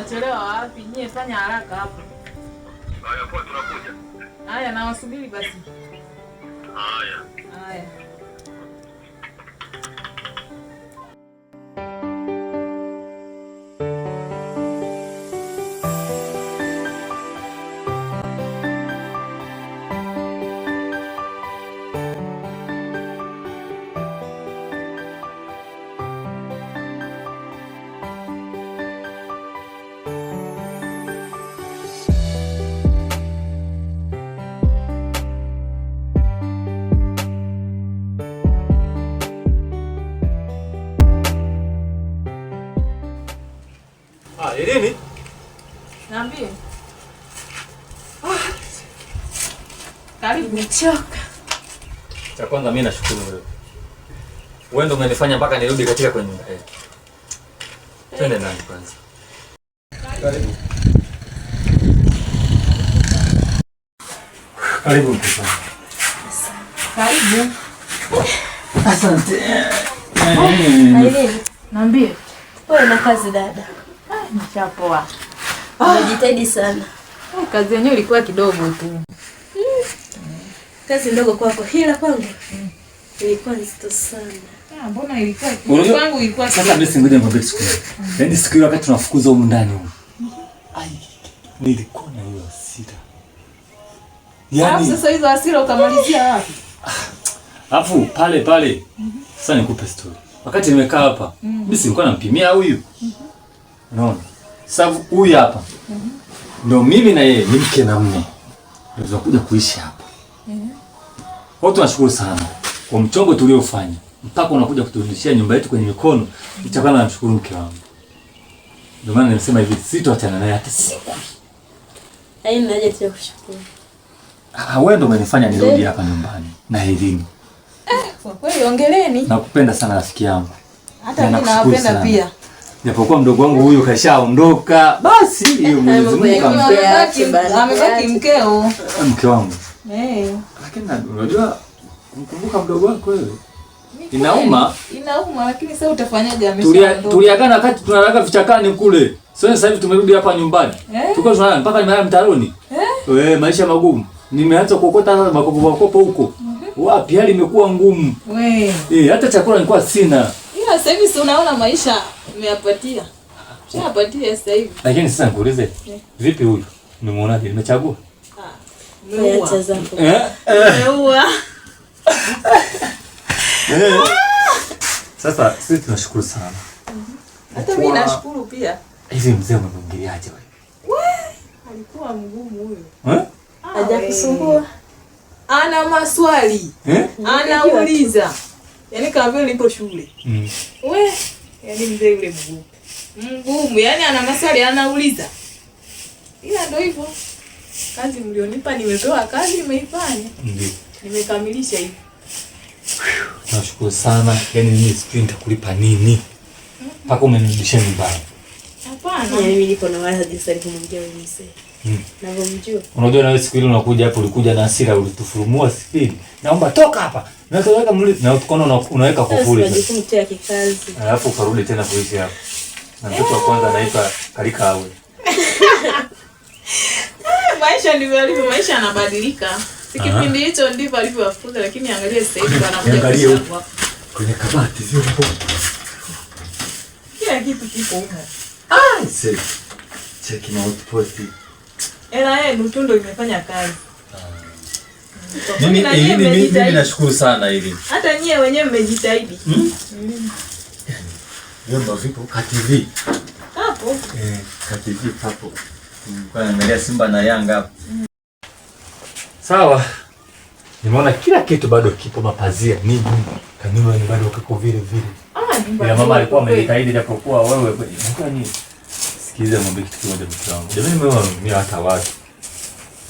Mnachelewa wapi nyie? Fanya haraka hapo. Haya, poa, tunakuja. Haya, nawasubiri basi. Haya. Haya. Lini? Niambie. Ah. Karibu. Nimechoka. Cha kwanza mimi nashukuru wewe. Wewe ndio umenifanya mpaka nirudi katika kwenye nyumba Twende eh. ndani kwanza. Karibu. Karibu Karibu. Asante. Ah, eh. Niambie. Wewe na kazi dada. Nishapoa. Ah. Unajitahidi sana. Eh, kazi yenyewe ilikuwa kidogo tu. Kazi ndogo kwako, hila kwangu ilikuwa nzito sana. Ah, mbona Yaani siku ile wakati tunafukuza huko ndani huko. Ai, nilikuwa na hiyo hasira. Yaani sasa hizo hasira utamalizia wapi? Ah, alafu pale pale sasa nikupe story. Wakati nimekaa hapa, mimi mm. nampimia huyu. Mm. Unaona? Sababu huyu hapa mhm. ndio mimi na yeye ni mke na mume. Ndio tunakuja kuishi hapa. Eh. Mhm. Kwa tunashukuru sana kwa mchongo tuliofanya mpaka unakuja kuturudishia nyumba yetu kwenye mikono, itakana na mshukuru mke wangu. Ndio maana nimesema hivi sitoachana naye hata siku. Haina yaani haja ya kushukuru. Ah, ah, wewe ndio umenifanya nirudi hapa nyumbani na elimu. Eh, Kwa kweli ongeleni. Nakupenda sana rafiki yangu. Hata mimi nawapenda pia. Japokuwa mdogo wangu huyu kashaondoka, basi hiyo eh, Mwenyezi Mungu amebaki mkeo, mke wangu. Eh. Lakini unajua kumkumbuka mdogo wako wewe inauma, inauma, lakini sasa utafanyaje? Ameshaondoka, tuliagana wakati tunalala vichakani kule. Sasa sasa hivi tumerudi hapa nyumbani, eh? tuko tunalala mpaka nimelala mtaroni. Wewe maisha magumu, nimeanza kuokota hata makopo makopo huko mhm. wapi, hali imekuwa ngumu. Eh, hata chakula nilikuwa sina, ila sasa hivi unaona maisha Tumeyapatia. Tushapatia sasa hivi. Lakini sasa nikuulize. Eh. Vipi huyu? Nimeona nimechagua. Ah. Nimeacha zako. Eh? eh. Ah! Sasa sisi tunashukuru sana. Mm-hmm. Hata mimi nashukuru pia. Hivi mzee umemwingiliaje wewe? Alikuwa mgumu huyo. Eh? Ah, Hajakusumbua. Eh. Ana maswali. Eh? Anauliza. Yaani kama vile nipo shule. Mm. Wewe Yaani mzee yule mgumu. Mgumu, yaani ana maswali anauliza. Ila ndio hivyo. Kazi mlionipa nimepewa kazi nimeifanya. Ndio. Nimekamilisha hivi. Nashukuru sana. Yaani mimi sijui nitakulipa nini. Mpaka umenirudishia nyumbani. Hapana. Yaani mimi niko na wazi sasa kumwambia wewe mzee. Unajua hmm. Na siku ile unakuja hapo ulikuja na hasira ulitufurumua sipini. Naomba toka hapa. Na kuweka mli na ukaona unaweka kufuli. Alafu ukarudi tena polisi hapo. Na mtoto wa kwanza anaipa Karika awe. Ah, maisha ni yalivyo, maisha yanabadilika. Sikipindi hicho ndivyo alivyowafuta, lakini angalia sasa hivi anakuja kwenye kabati sio hapo. Kila kitu kiko huko. Ah, sasa. Cheki na outpost hela yenu eh, tu ndio imefanya kazi. Ah. Mimi nashukuru sana hata nyie wenyewe mmejitahidi. Hmm? vipo hapo, eh, hapo kwa Simba na Yanga Sawa, nimeona kila kitu bado kipo, mapazia nini, kanuni bado kako vile vile. Ah, mama alikuwa amejitahidi japokuwa wewe nisikilize mwambie kitu kimoja mtu wangu. Jamani mimi hata watu.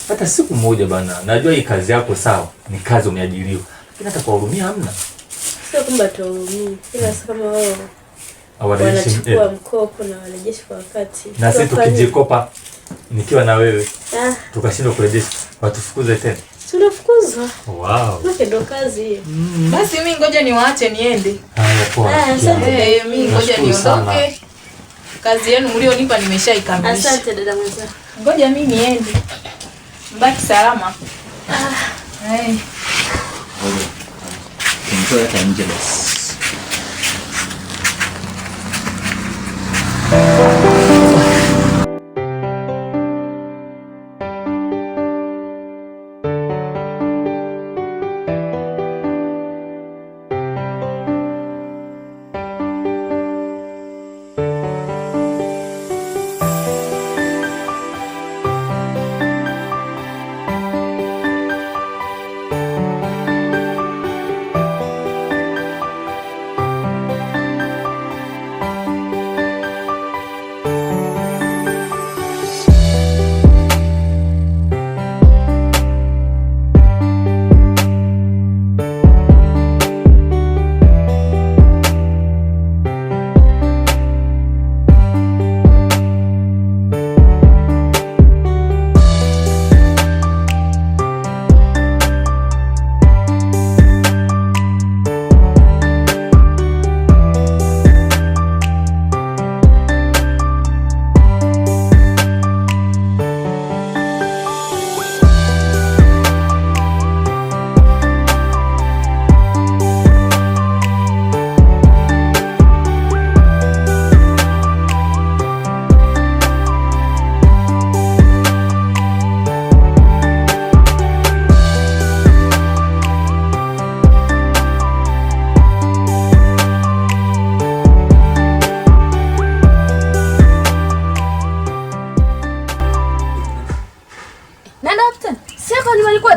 Hata siku moja bana. Najua hii kazi yako sawa. Ni kazi umeajiriwa. Lakini hata kuwahurumia hamna. Sio kwamba tuwahurumie. Ila sasa kama wao eh. wanachukua mkopo na wanarejesha kwa wakati. Na sisi tukijikopa nikiwa na wewe ah, tukashindwa kurejesha watufukuze tena. Tunafukuzwa. Wow. Ndio ndo kazi hiyo. Mm. Basi mimi ngoja niwaache niende. Haya poa. Ah, asante. Eh, mimi ngoja niondoke kazi yenu mlionipa nimeshaikamilisha. Asante dada mwenzangu. Ngoja mimi niende. Mbaki salama. Ah. Hey. Enjoy hata nje basi.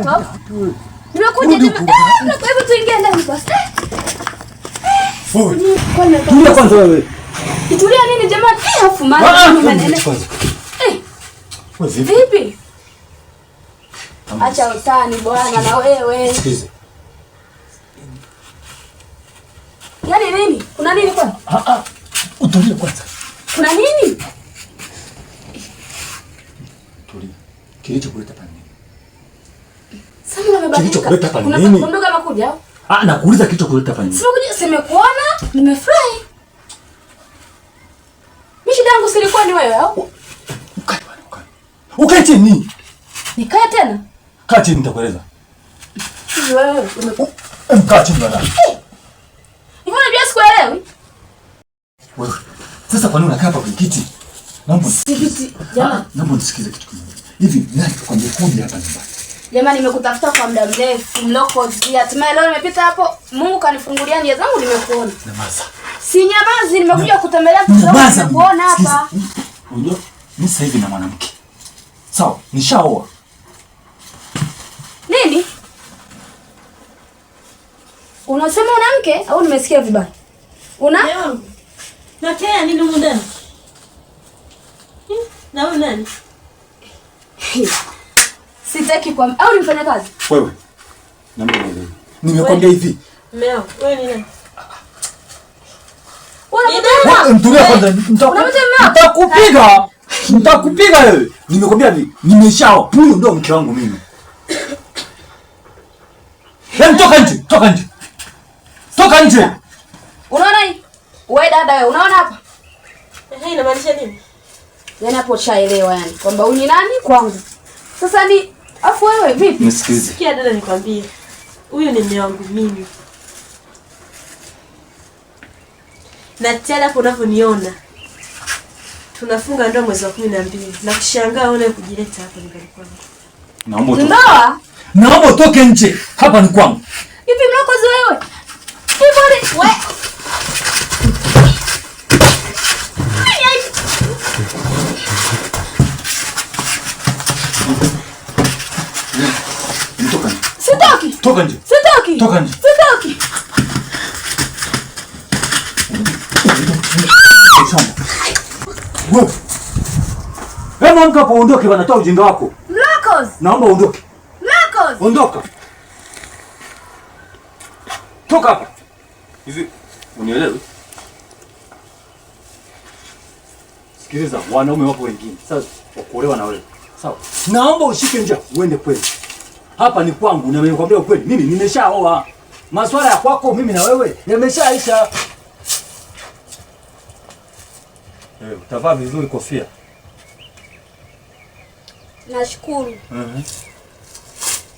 Tulia kwanza wewe. nini jamani? Afu Eh. Vipi? Acha utani bwana na wewe. Sikize. Yaani nini? Kuna nini kwanza? Ah ah. Utulie kwanza. Kuna nini? Tulia. Kilichokuleta Kilichokuleta hapa ni nini? Ah, nakuuliza kilichokuleta hapa ni nini? Sikuja simekuona, nimefurahi. Mimi shida yangu silikuwa ni wewe au? Ukae bwana, ukae. Ukae chini. Nikae tena? Kaa chini nitakueleza. Wewe umekaa chini bwana. Mbona unajua sikuelewi? Wewe sasa kwa nini unakaa hapa kwenye kiti? Naomba nisikize. Ah, naomba nisikize kitu kimoja. Hivi nani tukwambie kuja hapa nyumbani? Jamani, nimekutafuta kwa muda mrefu mlokozi, hatimaye leo nimepita hapo, Mungu kanifungulia njia zangu, nimekuona. Si nyamazi, nimekuja kutembelea nimekuona hapa. Unajua mimi sasa hivi na mwanamke sawa, nishaoa nini? Unasema unamke au nimesikia vibaya? Una nakea nini? Mungu ndani hmm? na wewe nani? sitaki kwa au mfanya kazi. Wewe. Nimekwambia hivi. wewe Nitakupiga. Nitakupiga wewe. Nimekwambia hivi, nimeshaoa. ndio mke wangu mimi. Hem, toka nje, toka nje. Toka nje. Unaona hii? Wewe dada wewe, unaona hapa? Eh, inamaanisha nini? Yaani hapo ushaelewa yani kwamba nani kwangu. Sasa ni Afu wewe vipi? Nisikize. Sikia dada, nikwambie. Huyu ni mume wangu mimi. Na tena hapo unavyoniona. Tunafunga ndoa mwezi wa 12 na kushangaa wewe kujileta hapa nyumbani kwangu. Naomba utoke. Ndoa? Naomba utoke nje. Hapa ni kwangu. Vipi mnakozi wewe? Hivi wewe. Toka nje. Sitaki. Toka nje. Sitaki. Wewe. Wewe mwamka hapo bana, toa ujinga wako. Lakos. Naomba ondoke. Lakos. Ondoka. Toka hapa. Hivi unielewe? Sikiliza, wanaume wapo wengine. Sasa wakuolewa na wewe. Sawa. Naomba ushike njia uende kwenu hapa ni kwangu, na nimekwambia ukweli, mimi nimeshaoa. Masuala ya kwako mimi na wewe yameshaisha. Eh, utavaa vizuri kofia. Nashukuru. Mhm.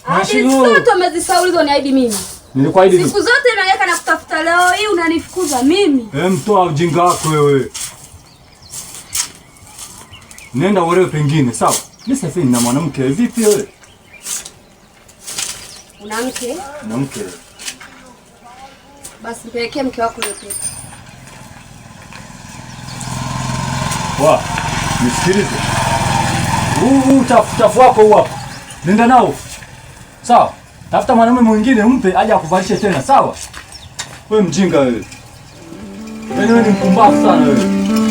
Nashukuru. Zote umezisahau niahidi mimi. Nilikuahidi siku zote naweka na kutafuta, leo hii unanifukuza mimi. Eh, mtoa ujinga wako wewe. Nenda wewe pengine, sawa? Mimi sasa na mwanamke vipi wewe? Mwanamke? Mwanamke. Basi mpelekee mke wako hiyo pesa. Wa, nisikilize. Huu utafuta wako huu hapa. Nenda nao. Sawa? Tafuta mwanamume mwingine umpe aje akuvalishe tena, sawa? Wewe mjinga wewe. Yaani wewe ni mpumbavu sana wewe.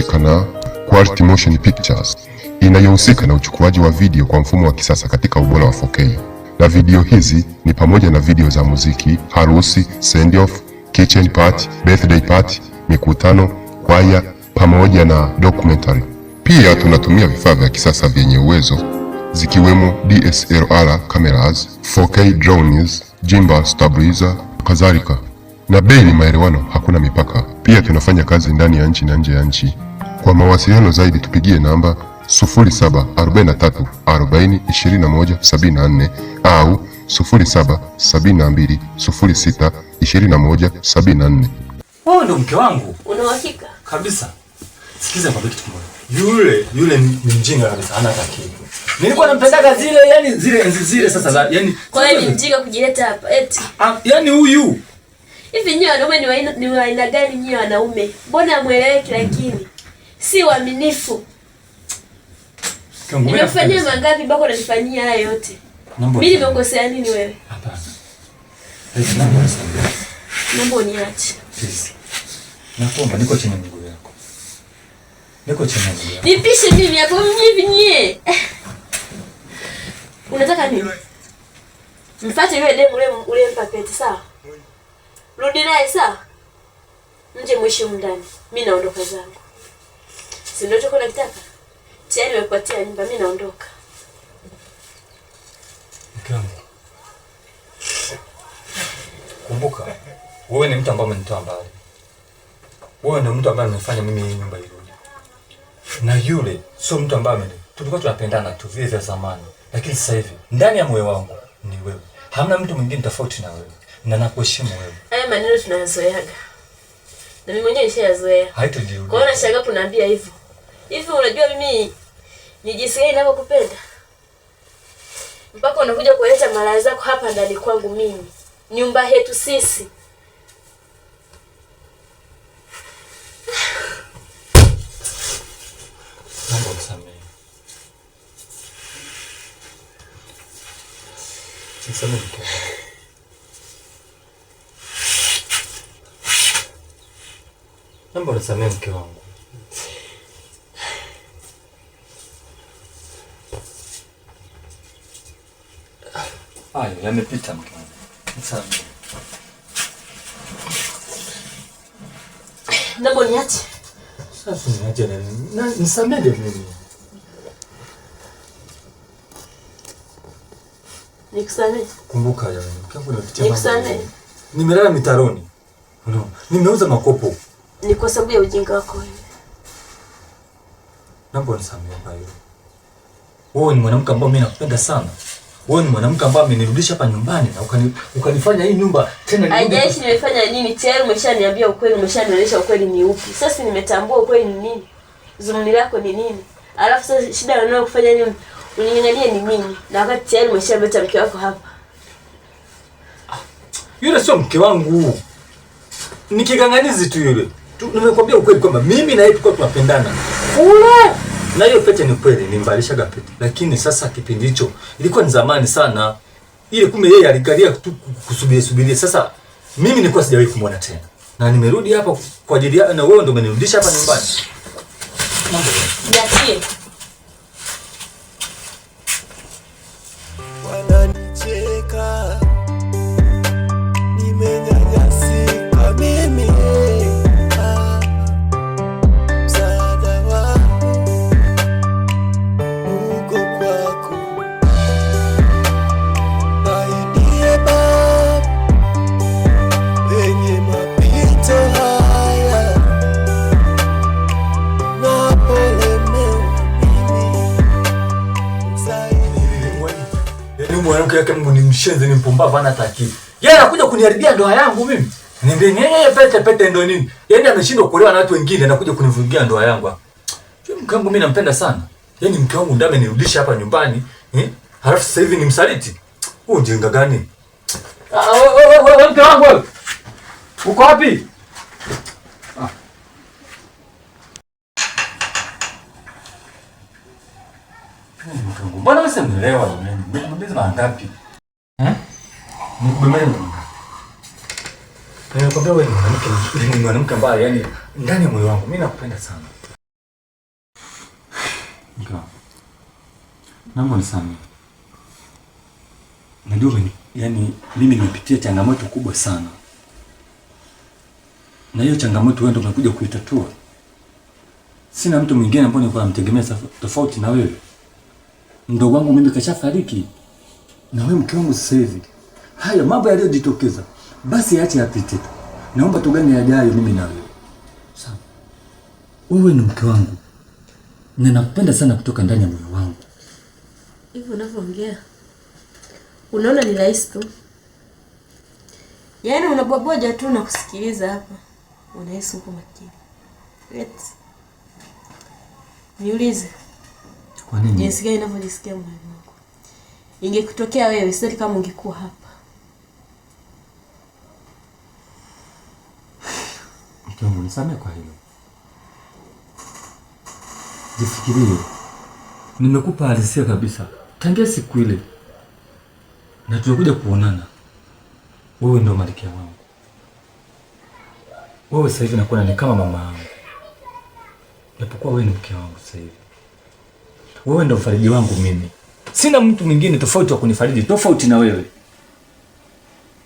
inayohusika na Quality Motion Pictures inayohusika na uchukuaji wa video kwa mfumo wa kisasa katika ubora wa 4K. Na video hizi ni pamoja na video za muziki, harusi, send off, kitchen party, birthday party, mikutano, kwaya pamoja na documentary. Pia tunatumia vifaa vya kisasa vyenye uwezo zikiwemo DSLR cameras, 4K drones, gimbal stabilizer, kadhalika. Na bei ni maelewano, hakuna mipaka. Pia tunafanya kazi ndani ya nchi na nje ya nchi. Kwa mawasiliano zaidi tupigie namba 0743402174 au 0772062174. Wewe ndo mke wangu? Una uhakika? Kabisa. Sikiza kwa kitu kimoja. Yule yule ni mjinga kabisa, hana hata kitu. Nilikuwa nampendaga zile yani zile zile sasa yani. Kwa nini mjinga kujileta hapa eti? Ah, yani huyu Hivi nyinyi wanaume ni waina ni gani? Nyinyi wanaume mbona hamweleweki? Lakini si waaminifu. Nimefanyia mangapi mpaka unanifanyia haya yote? Mimi nimekosea nini wewe? Hapana. Naomba uniache. Nakuomba, niko chini miguu yako. Niko chini miguu yako. Nipishe mimi hapo mimi nyie. Unataka nini? Mfate yule demu ule ule mpapeti sawa? Rudi naye sawa. Nje mwishi ndani. mi naondoka zangu. Si ndio chako nakitaka? Tayari nyumba, mi naondoka. Kumbuka, wewe ni mtu ambaye umenitoa mbali. Wewe ni mtu ambaye amefanya mimi hii nyumba irudi. Na yule sio mtu ambaye ameni. Tulikuwa tunapendana tu vile vya zamani, lakini sasa hivi ndani ya moyo wangu ni wewe. Hamna mtu mwingine tofauti na wewe na nakuheshimu wewe. Haya maneno tunayazoeaga na mimi mwenyewe nishayazoea, haitojirudia. Kwa nini nashangaa kunaambia hivyo hivyo. Unajua mimi ni jinsi gani ninavyokupenda mpaka unakuja kuleta malaya zako hapa ndani kwangu, mimi nyumba yetu sisi Naomba unisamehe mke wangu. Hayo yamepita mke wangu. Nisamehe. Naomba niache. Sasa niache na nini? Nisamehe mimi. Nikusamehe. Kumbuka ya yaani, mke wangu, nimelala mitaroni. Nimeuza makopo ni kwa sababu ya ujinga wako wewe. Naomba unisamehe hiyo. Wewe ni mwanamke ambaye mimi nakupenda sana. Wewe ni mwanamke ambaye amenirudisha hapa nyumbani na ukani, ukanifanya hii nyumba tena ni Haijashi nimefanya nini? Tayari umeshaniambia ukweli, umeshanieleza ukweli ni upi. Sasa nimetambua ukweli ni nini. Zumuni lako ni nini? Alafu sasa shida unayo kufanya nini? Uning'ang'ania ni mimi. Na wakati tayari umeshaleta mke wako hapa. Ah, yule sio mke wangu. Nikigang'anizi tu yule. Nimekwambia ukweli kwamba mimi na yeye tulikuwa tunapendana Ule. na hiyo pete ni kweli, nilimvalishaga pete, lakini sasa kipindi hicho ilikuwa ni zamani sana, ile kumbe yeye alikalia tu kusubiri subiri. Sasa mimi nilikuwa sijawahi kumwona tena, na nimerudi hapa kwa ajili ya, na wewe ndio umenirudisha hapa nyumbani. Mambo. Yeah, huyu mwanamke yake Mungu ni mshenzi, ni mpumbavu, hana akili. Yeye anakuja kuniharibia ndoa yangu mimi. Niende yeye pete pete ndo nini? Yaani ameshindwa kuolewa na watu wengine anakuja kunivurugia ndoa yangu hapa. Yule mke wangu mimi nampenda sana. Yaani mke wangu ndiye amenirudisha hapa nyumbani, eh? Halafu sasa hivi ni msaliti. Huu jinga gani? Ah, wewe wewe mke wangu wewe. Uko wapi? Mbona wewe simelewa mimi? Nimekumbeza na ngapi? Eh? Nimekumbeza na ngapi? sababu wewe ni mwanamke mzuri, ni mwanamke mbaya, yani ndani ya moyo wangu mimi nakupenda sana. Nika. Naomba nisamehe. Najua yani mimi nimepitia changamoto kubwa sana. Na hiyo changamoto wewe ndio umekuja kuitatua. Sina mtu mwingine ambaye nilikuwa namtegemea tofauti na wewe mdogo wangu mimi kashafariki, na wewe mke wangu sasa hivi. Haya mambo yaliyojitokeza basi yaache yapite, naomba tugane yajayo mimi na wewe. Sawa, wewe ni mke wangu, ninakupenda sana kutoka ndani ya moyo wangu. Hivyo unavyoongea unaona ni rahisi tu, yaani unaboboja tu na kusikiliza hapa, unahisi uko makini. Niulize kwa nini? Jinsi gani ninavyojisikia moyoni mwangu. Ingekutokea wewe, sidhani kama ungekuwa hapa. Mke wangu, nisamehe kwa hilo. Jifikirie. Nimekupa alisia kabisa. Tangia siku ile na tunakuja kuonana, wewe ndio malikia wangu. Wewe sasa hivi nakuona ni kama mama yangu, japokuwa wewe ni mke wangu sasa hivi. Wewe ndo mfariji wangu mimi, sina mtu mwingine tofauti wa kunifariji tofauti na wewe.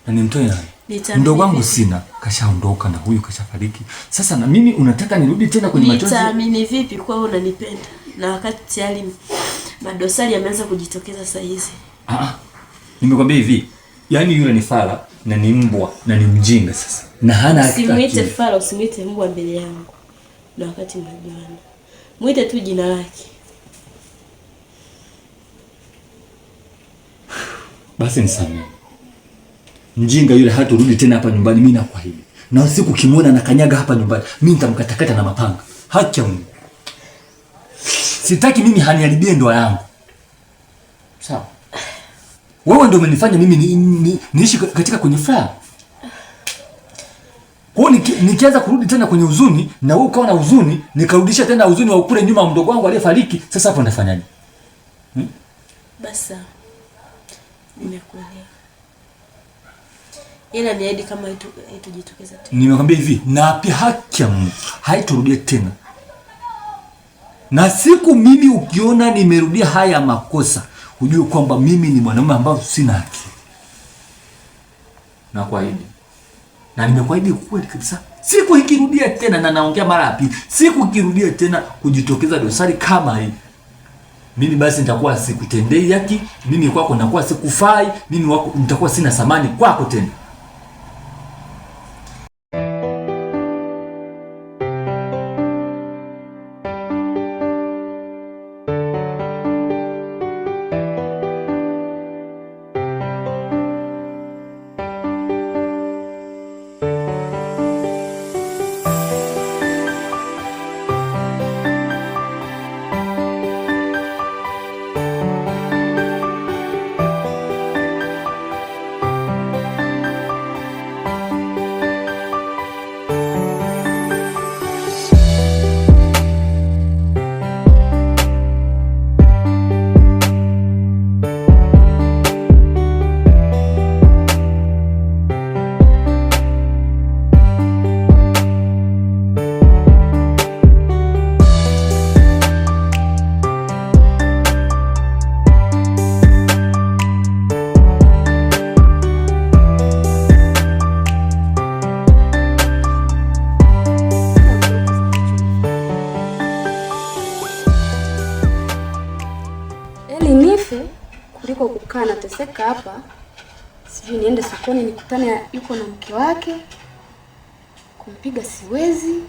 Na nimtoe nani? Mdogo wangu sina, kashaondoka na huyu kashafariki. Sasa na mimi unataka nirudi tena kwenye machozi? Nitaamini vipi kwa wewe unanipenda na wakati tayari madosari yameanza kujitokeza sasa hizi? Ah, ah, nimekwambia hivi, yaani yule ni fala na ni mbwa na ni mjinga sasa, na hana hata simuite fala, usimuite mbwa mbele yangu na wakati mnajuana, Muite tu jina lake. basi nisamehe. Mjinga yule haturudi tena hapa nyumbani, mimi nakuahidi. Na siku kimona na kanyaga hapa nyumbani, mimi nitamkatakata na mapanga. Haki ya Mungu. Sitaki mimi haniharibie ndoa yangu. Sawa. Wewe ndio umenifanya mimi ni, ni, niishi katika kwenye furaha. Kwa hiyo nikianza kurudi tena kwenye huzuni na wewe ukawa na huzuni, nikarudisha tena huzuni wa kule nyuma mdogo wangu aliyefariki, sasa hapo ndafanyaje? Hmm? Basa nimekuelewa, ila niahidi kama haitujitokeza tena. Nimekwambia hivi, na pia haki ya Mungu haitorudia tena, na siku mimi ukiona nimerudia haya makosa, hujue kwamba mimi ni mwanaume ambayo sina haki. Nakuahidi na nimekuahidi kweli kabisa, siku ikirudia tena, na naongea mara ya pili, siku ikirudia tena kujitokeza dosari kama hii mimi basi nitakuwa sikutendei haki, mimi kwako nakuwa sikufai, mimi wako nitakuwa sina thamani kwako tena. kaa anateseka hapa, sijui niende sokoni nikutane yuko na mke wake, kumpiga siwezi.